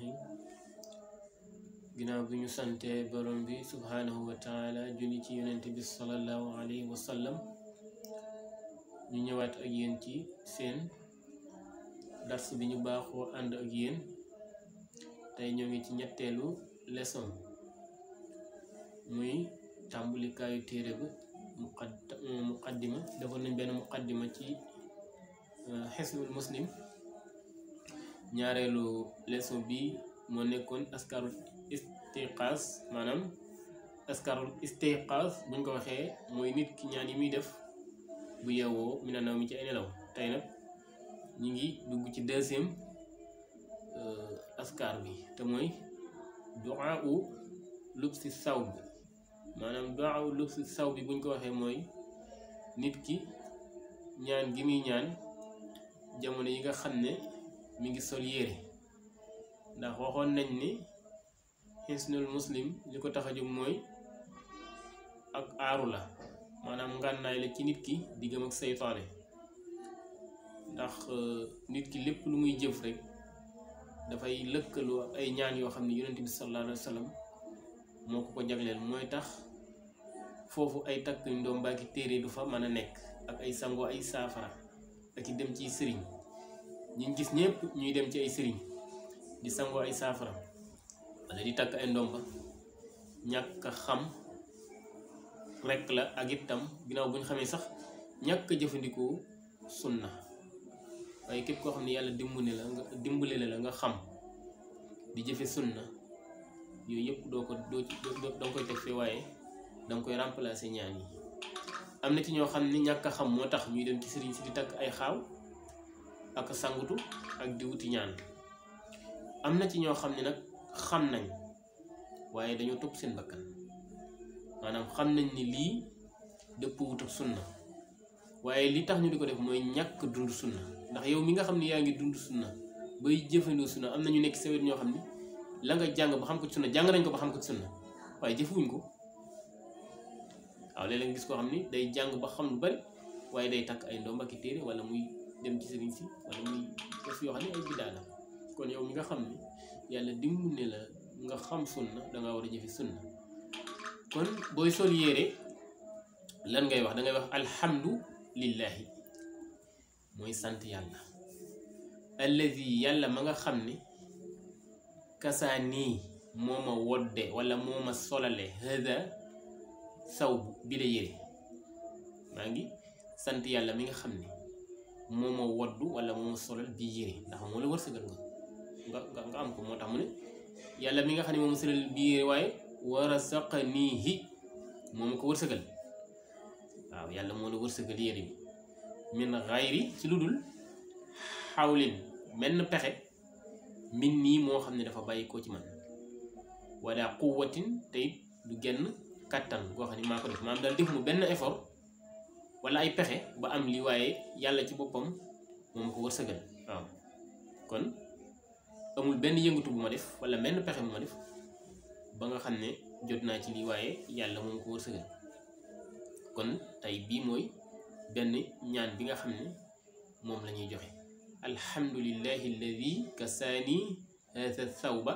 rahim ginnaaw bi ñu sante borom bi subhaanahu wa julli ci yonent bi sallallahu alayhi wa sallam ñu ñëwaat ak yéen ci seen dars bi ñu baaxoo ànd ak yéen tey ñoo ngi ci ñetteelu leçon muy tàmbulikaayu téere bi muqaddima defoon nañ benn muqaddima ci xisnul euh, muslim ñaareelu leso bi moo nekkoon askarul istiqaas maanaam askarul istiqaas buñ ko waxee mooy nit ki ñaan yi muy def bu yeewoo mi na naw mi ci ay nelaw tey nag ñu ngi dugg ci deuxième euh, askaar bi te mooy duaa u lubsi saw bi maanaam duaa u lubsi saw bi buñ ko waxee mooy nit ki ñaan gi muy ñaan jamono yi nga xam ne mi ngi sol yére ndax waxoon nañ ni xisnul muslim li ko tax a jóg mooy ak aaru la maanaam ngànnaay la ci nit ki diggam ak seytaane ndax euh, nit ki lépp lu muy jëf rek dafay lëkkalu ay ñaan yoo xam ne yonent bi sallallahu alayhi wa sallam moo ko ko jagleel mooy tax foofu ay takk ndoom baaki ki téere du fa mën a ak ay sango ay saafara ak i dem ci sëriñ ñu gis ñëpp ñuy dem ci ay sëriñ di sangoo ay saafara wala di takk ay ndomba ñàkk a xam rekk la ak itam ginnaaw bu ñu xamee sax ñàkk a jëfandikoo na waaye képp koo xam ne yàlla dimbale la nga dimbale la nga xam di jëfe na yooyu yëpp doo ko doo danga koy teg fee waaye danga koy remplacer ñaan yi am na ci ñoo xam ne ñàkk a xam moo tax ñuy dem ci sëriñ si di takk ay xaaw ak sangutu ak di wuti ñaan amna ci ño xamni nak xam nañ waaye seen bakkan manam xam nañ ni li depp wut ak sunna waye li tax ñu diko def moy ñak dund sunna ndax yow mi nga xamni yaangi dund sunna bay jëfëndu sunna amna ñu nekk sawet ñoo xam la nga jang ba xam ko sunna jang nañ ko ba xam ko sunna waye jëfuñ ko aw leen gis ko xamni day jang ba xam lu bari waye day tak ay ndombaki téré wala muy dem ci sëriñ si wala muy def yoo xam ne ay biddaa la kon yow mi nga xam ne yàlla dimbu ne la nga xam sunna danga war a jëfe sunna kon booy sol yére lan ngay wax dangay wax alhamdu lillahi mooy sant yàlla allazi yàlla ma nga xam ne kasaa nii moo ma wodde wala moo ma solale hada saw bi la yére maa ngi sant yàlla mi nga xam ne moo ma waddu wala moo ma solal bi yére ndax moo la wërsëgal nga nga nga am ko moo tax mu ne yàlla mi nga xam ne moom ma solal bi yére waaye warasaqanihi moo ma ko wërsëgal waaw yàlla moo la wërsëgal yére bi min ci lu dul xawlin menn pexe min nii moo xam ne dafa bàyyi ko ci man wala quwwatin tey du genn kattan goo xam ne maa ko def maam daal def mu benn effort wala ay pexe ba am li waaye yàlla ci boppam moom ko wërsëgal waaw kon amul benn yëngatu bu ma def wala benn pexe bu ma def ba nga xam ne jot naa ci li waaye yàlla moom ko wërsëgal kon tey bii mooy benn ñaan bi nga xam ne moom la ñuy joxe alhamdulillahi alladi kasaani hatha thawba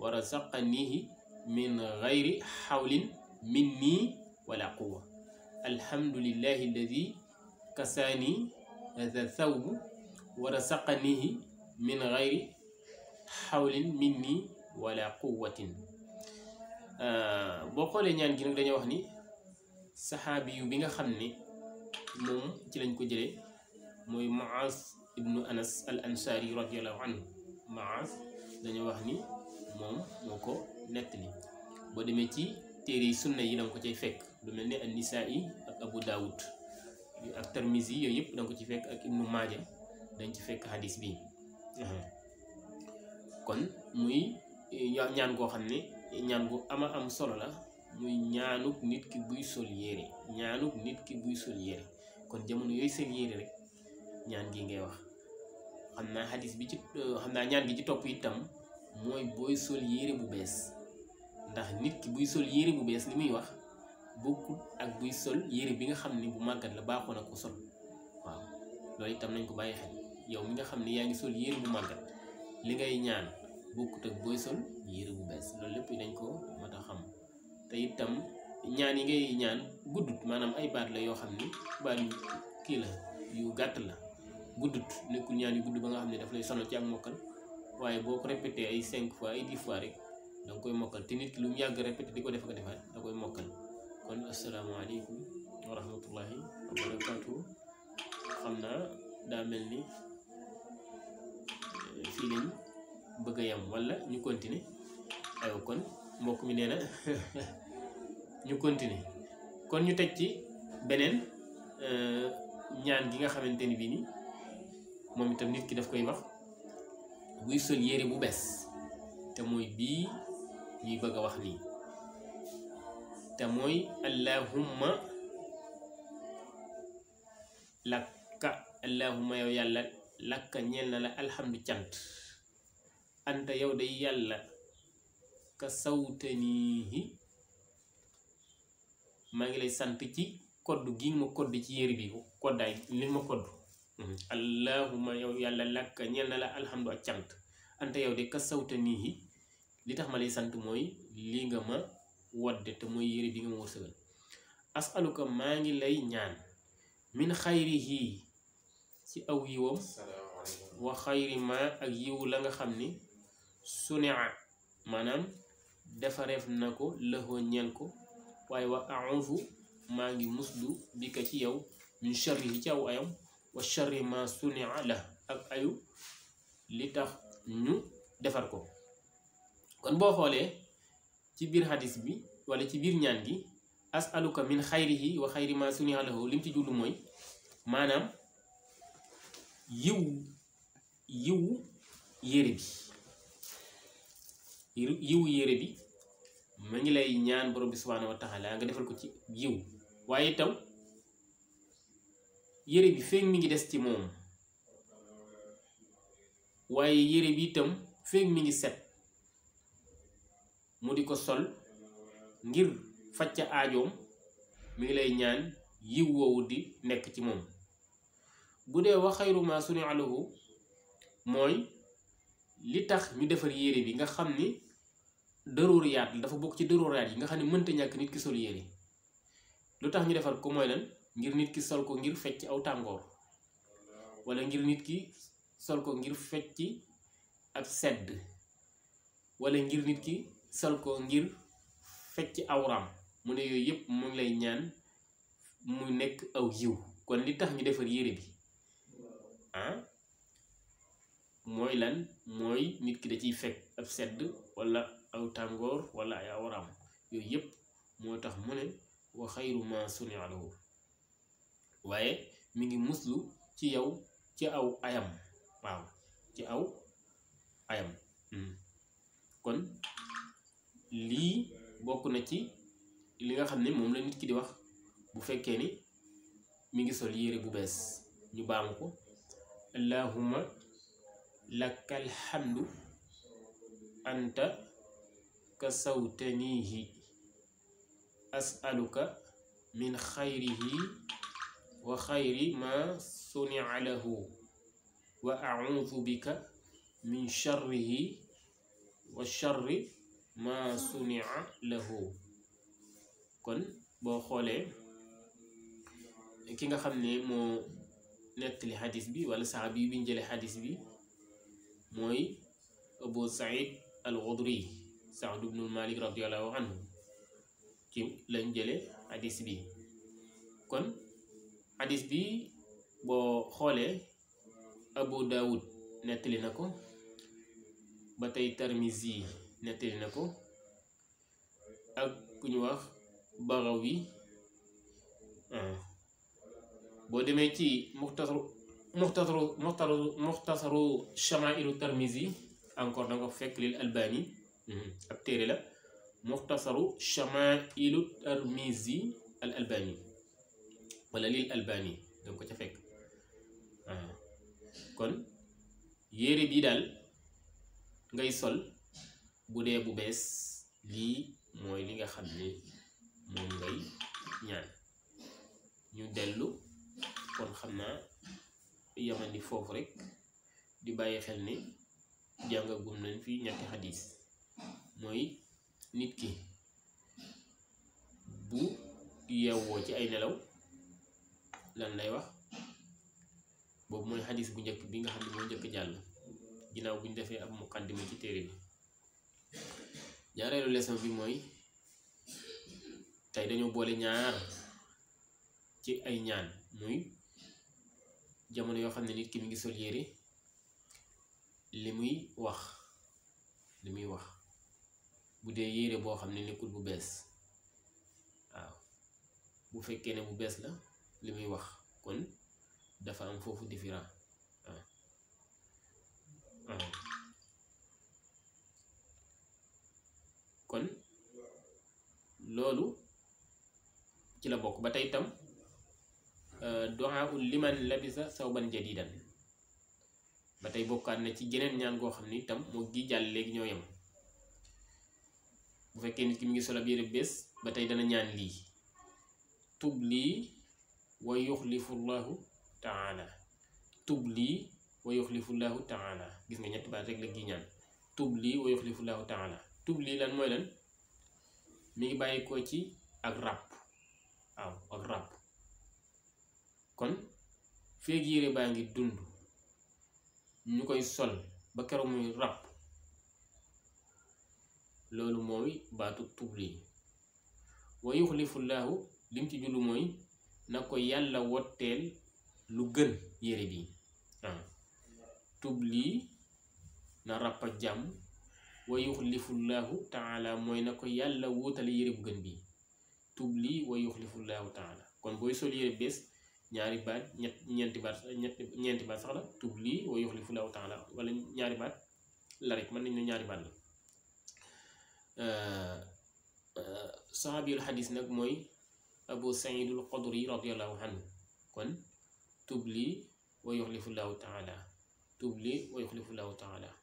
wa razaqanihi min gayri xawlin minni wala quwa alhamdulillahi alladi kasaani hada thawb wa rasaqanihi min gayri xawlin minni wala quwatin boo xoolee ñaan gi nag dañoo wax ni saxaabi bi nga xam ne moom ci lañ ko jële mooy Muaz ibnu Anas al ansaari radiallahu anhu dañoo wax ni moom moo ko ni boo demee ci téere yi sunna yi danga ko cay fekk lu mel ne an nisaa yi Abu Daawud ak Tirmizi yooyu yëpp da ko ci fekk ak Ibnu Maaja dañ ci fekk hadis bi kon muy eh, ñaan goo xam ne ñaan gu ama am solo la muy ñaanuk nit ki buy sol yére ñaanuk nit ki buy sol yére kon jamono yooyu sol yére rek ñaan gi ngay wax xam naa hadis bi ci eh, xam naa ñaan gi ci topp itam mooy booy sol yére bu bees ndax nit ki buy sol yére bu bees li muy wax bokkut ak buy sol yére bi nga xam ni bu màggat la baaxoon na ko sol waaw loolu itam nañ ko bàyyi xel yow mi nga xam ni yaa ngi sol yére bu màggat li ngay ñaan bokkut ak booy sol yére bu bees loolu lépp dañ ko mat a xam te itam ñaan yi ngay ñaan guddut maanaam ay baat la yoo xam ni baat kii la yu gàtt la guddut nekkul ñaan gudd ba nga xam ne daf lay solo ci ak mokkal waaye boo ko répété ay cinq fois ay dix fois rek da nga koy mokkal te nit lu mu yàgg répété di ko def ko defaat da koy mokkal kon asalaamaaleykum wa rahmatullahi wa xam naa daa mel ni eh, fii lañ bëgg a yem wala ñu continuer aywa kon mbokk mi nee ñu continuer kon ñu teg ci beneen eh, ñaan gi nga xamante ni bii ni moom itam nit ki daf koy wax buy sol yére bu bees te mooy bii ñuy bëgg a wax nii te mooy allahumma lakka allahumma yow yàlla lakka ñeel na la alhamdu cant anta yow day yàlla ka sawtaniihi maa ngi lay sant ci kodd gi nga ma kodd ci yére bi koddaay li ma kodd mhm. allahumma yow yàlla lakka ñeel na la alhamdu ak cant anta yow de ka sawtaniihi li tax ma lay sant mooy lii nga ma wadde te mooy yére bi nga ma wërsëgal asaluka maa ngi lay ñaan min xayrihi ci aw yiwam wa xayri ma ak yiwu la nga xam ni sunia maanaam defareef na ko lëxoo ñeel ko waaye wa aunfu maa ngi muslu ko ci yow min yi ci aw ayam wa sharri ma sunia la ak ayu li tax ñu defar ko kon boo xoolee ci biir hadis bi wala ci biir ñaan gi asaluka min xayrihi wa xayri ma suni'a lahu lim ci jullu mooy maanaam yiw yiw yére bi yiw yére bi ma ngi lay ñaan borom bi subhaanahu wa nga defal ko ci yiw waaye tam yére bi féeg mi ngi des ci moom waaye yére bi itam féeg mi ngi set mu di ko sol ngir faj ca aajoom mi ngi lay ñaan yiw woowu di nekk ci moom bu dee wa xayru su suni alahu mooy li tax ñu defar yére bi nga xam ni dëruriyaat dafa bokk ci dëruriyaat yi nga xam ne mënta ñàkk nit ki sol yére lu tax ñu defar ko mooy lan ngir nit ki sol ko ngir fecc aw tàngoor wala ngir nit ki sol ko ngir fecc ab sedd wala ngir nit ki sol ko ngir fecc awraam mu ne yooyu yëpp mu ngi lay ñaan mu nekk aw yiw kon li tax ñu defar yére bi ah? mooy lan mooy nit ki da ciy fekk ak sedd walla aw tàngoor wala ay awraam yooyu yëpp moo tax mu ne wa su ma waaye mi ngi muslu ci yow ci aw ayam waaw ci aw ayam hmm. kon li bokku na ci li nga xamne mom la nit ki di wax bu fekke ni mi ngi sol yére bu bees ñu baamu ko allahuma lakkal hamdu anta kasawtanihi asaluka min khayrihi wa khayri ma sunia lahu wa a'udhu bika min sharrihi wa sharri ma sunia lahu kon boo xoolee ki nga xam ne moo nettali xadis bi wala saxaabi bi ñu jëlee xadis bi mooy abu said al xudri saad ibnul malik radiallahu anhu ci lañ jële xadis bi kon xadis bi boo xoolee abu daawud nettali na ko ba tey tarmizi nettali na ko ak ku ñu wax Bagawi hmm. boo demee ci muxtasaru muxtasaru muxtasaru muxtasaru shamailu tarmizi encore da nga ko fekk lil albani hmm. ab téere la muxtasaru shamailu tarmizi al albani wala lil albani danga ko ca fekk hmm. kon yére bii daal ngay sol bu bu li moy li nga xamné mom ngay ñaan ñu dellu kon xamna yamani fofu rek di baye xel janga gum nañ fi ñatt hadith moy nit ki bu yeewoo iya ci ay nelaw lan lay wax bobu moy hadith bu njëkk bi nga xam mo moo jall ginaaw ginnaaw bu ñu ab muqaddima ci téré bi ñaareelu leçon bi mooy tey dañoo boole ñaar ci ay ñaan muy jamono yoo xam ne nit ki mu ngi sol yére li muy wax li muy wax bu dee yére boo xam ne nekkul bu bees waaw bu fekkee ne bu bees la li muy wax kon dafa am foofu différent waaw loolu ci la bokk ba tey itam euh, du'aa liman labisa sawban jadidan ba tey bokkaat na ci geneen ñaan goo xam ni itam moo gi jàll léegi ñoo yem bu fekkee nit ki mu ngi solo biir bés ba tey dana ñaan lii tub lii wa yuxlifu llahu la tub lii wa yuxlifu llahu taala gis nga ñett baat rek la gi ñaan lii wa yuxlifu llahu taala tub lii lan mooy lan mi ngi bàyyi ko ci ak ràpp waaw ak ràpp kon feeg yére baa ngi dund ñu koy sol ba keroog muy ràpp loolu mooy baatu tubli wa yuxlifu llaahu lim ci jullu mooy na ko yàlla wotteel lu gën yére bi waaw tubli na ràpp jàmm wa yuxlifullahu taala mooy na ko yàlla wuutale yére bu gën bii tub lii wa yuxlifullahu taala kon booy sol yére bees ñaari baat ñett ñeenti baat ñett ñeenti baat sax la tub lii wa yuxlifullahu ñaari baat la rek mën nañ ne ñaari baat la euh, euh, saxaabiyul xadis nag mooy abu saidul xodri radiallahu anhu kon tub lii wa yuxlifullahu taala tub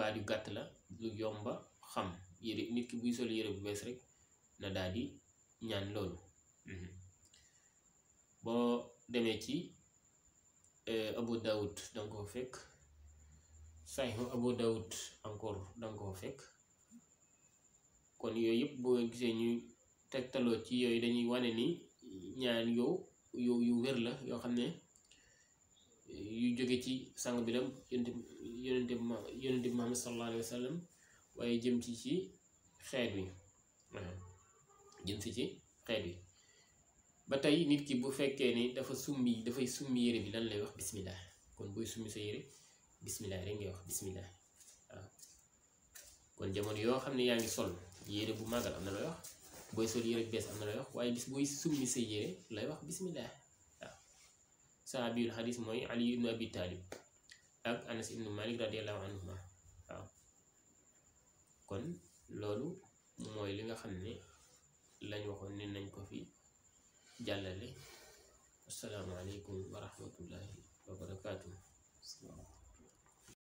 baat yu gàtt la lu yomba xam yére nit ki buy sol yére bu bees rek na daal ñaan loolu mhm. boo demee ci eh, Abu Dawud danga ko fekk Sahihu Abu Dawud encore danga ko fekk kon yooyu yëpp boo gisee ñuy tegtaloo ci yooyu dañuy wane ni ñaan yow yu wér la yoo xam ne yu jóge ci sang bi lam yonente yonente bi yonente bi Muhammad waaye jëm ci ci xeet wi jëm si ci xeet wi ba tey nit ki bu fekkee ni dafa summi dafay summi yére bi lan lay wax bismillah kon booy summi sa yére bismillah wax bismillah kon jamono yoo xam ne yaa ngi sol yére bu màggal am na lay wax booy sol yére bu bees am na lay wax waaye booy summi sa yére lay wax bismillah saabiyul xadis mooy ali ibnu abi taalib ak anas ibnu malik radiallahu anhuma waaw kon loolu mooy li nga xam ne lañ waxoon ne nañ ko fi jàllale asalaamaaleykum wa rahmatullahi wa